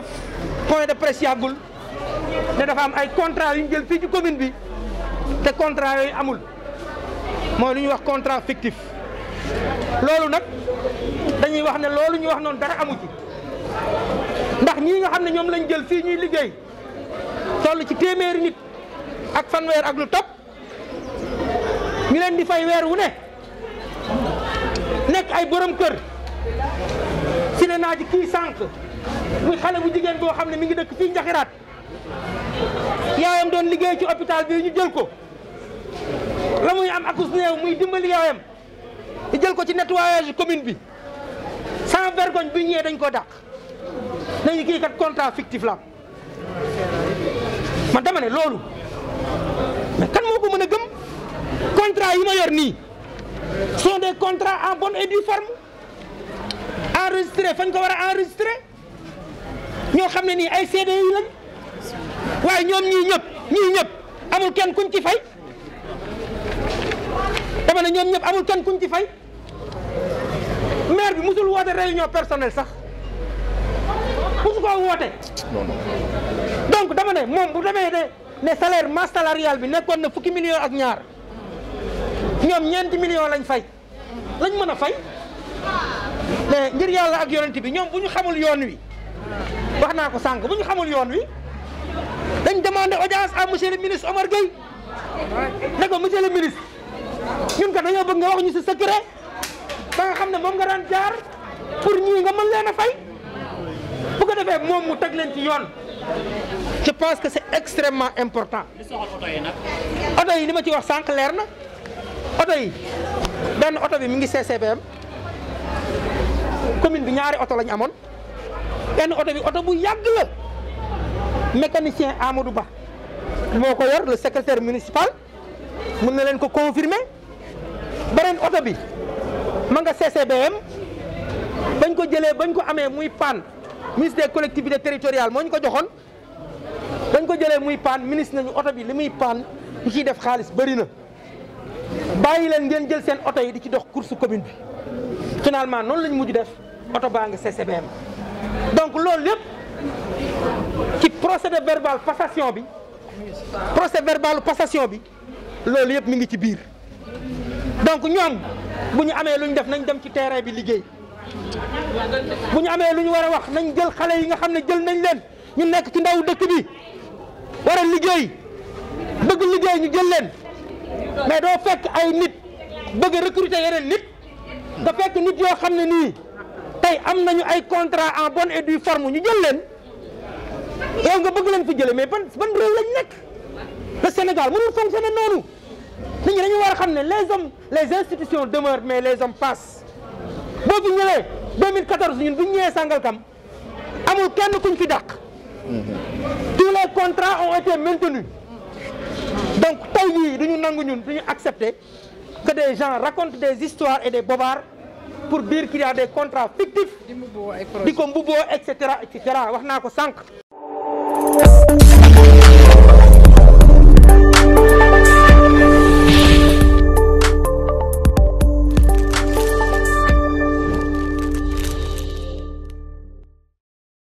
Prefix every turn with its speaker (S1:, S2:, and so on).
S1: def point de presse yàggul ne dafa am ay contrat yu ñu jël fii ci commune bi te contrat yooyu amul mooy lu ñuy wax contrat fictif loolu nag dañuy wax ne loolu ñu wax noonu dara amu ci ndax ñii nga xam ne ñoom lañ jël fii ñuy liggéey toll ci téeméeri nit ak fanweer ak lu topp ñu leen di fay weer wu ne nekk ay borom kër si ne naa ci kii sànq muy xale bu jigéen boo xam ne mu ngi dëkk fii Njaxiraat yaayam doon liggéey ci hôpital bi ñu jël ko la muy am akus néew muy dimbali yaayam ñu jël ko ci nettoyage commune bi sans vergogne bi ñëwee dañ ko dàq nañu kii kat contrat fictif la man dama loolu mais kan moo ko mën a gëm contrat yi ma yor nii soo des contrats en bonne et due forme fañ ko war a enregistré ñoo xam ne nii ay seede yi lañ waaye ñoom ñii ñëpp ñii ñëpp amul kenn kuñ ci fay dama ne ñoom ñëpp amul kenn kuñ ci fay maire bi musul woote réunion personnelle sax musu koo woote donc dama ne moom bu demee de ne salaire masse salariale bi nekkoon na fukki million ak ñaar ñoom ñeenti million lañ fay lañ mën a fay mais ngir yàlla ak yonent bi ñoom bu ñu xamul yoon wi wax naa ko sànq bu ñu xamul yoon wi dañ demandé audience à monsieur le ministre Omar Gueye ne ko monsieur ministre ñun kat dañoo bëgg nga wax ñu si secret ba nga xam ne moom nga daan jaar pour ñii nga mën leen a fay bu ko defee moom mu teg leen ci yoon je pense que c'est extrêmement important. li soxal oto yi li ma ci wax sànq leer na oto yi benn oto bi mi ngi CCBM commune bi ñaari oto lañu amoon. benn auto bi auto bu yàgg la mécanicien Amadou Ba moko yor le secrétaire municipal mën na len ko confirmer benen auto bi ma nga CCBM bagn ko jëlee bagn ko amé muy pan ministre des collectivités territoriales moñ ko joxone bagn ko jëlee muy pan ministre nañu auto bi limuy pan ci ci def xaalis bari na bayi len ngeen jël sen auto yi di ci dox course commune bi finalement non lañ mujj def auto baa nga CCBM donc loolu lépp ci procédé verbal passation bi procès verbal passation bi loolu yëpp mu ngi ci biir donc ñoom bu ñu amee lu ñu def nañ dem ci terrain bi liggéey bu ñu amee lu ñu war a wax nañ jël xale yi nga xam ne jël nañ leen ñu nekk ci ndaw dëkk bi war a liggéey bëgg liggéey ñu jël leen mais doo fekk ay nit bëgg recruter yeneen nit da fekk nit yoo xam ne nii. tey am nañu ay contrat en bonne et due forme ñu jël leen yow nga bëgg leen fi jële mais ban ban réew lañ nekk le Sénégal mënul fonctionner noonu nit ñi dañu war a xam ne les hommes les institutions demeurent mais les hommes passent boo fi ñëwee 2014 ñun bu ñu ñëwee Sangalkam amul kenn kuñ fi dàq tous les contrats ont été maintenus donc taw yii duñu nangu ñun duñu accepter que des gens racontent des histoires et des bobards pour dire qu'il y a des contrats fictifs di ko mbubboo et cetera et cetera wax naa ko sànq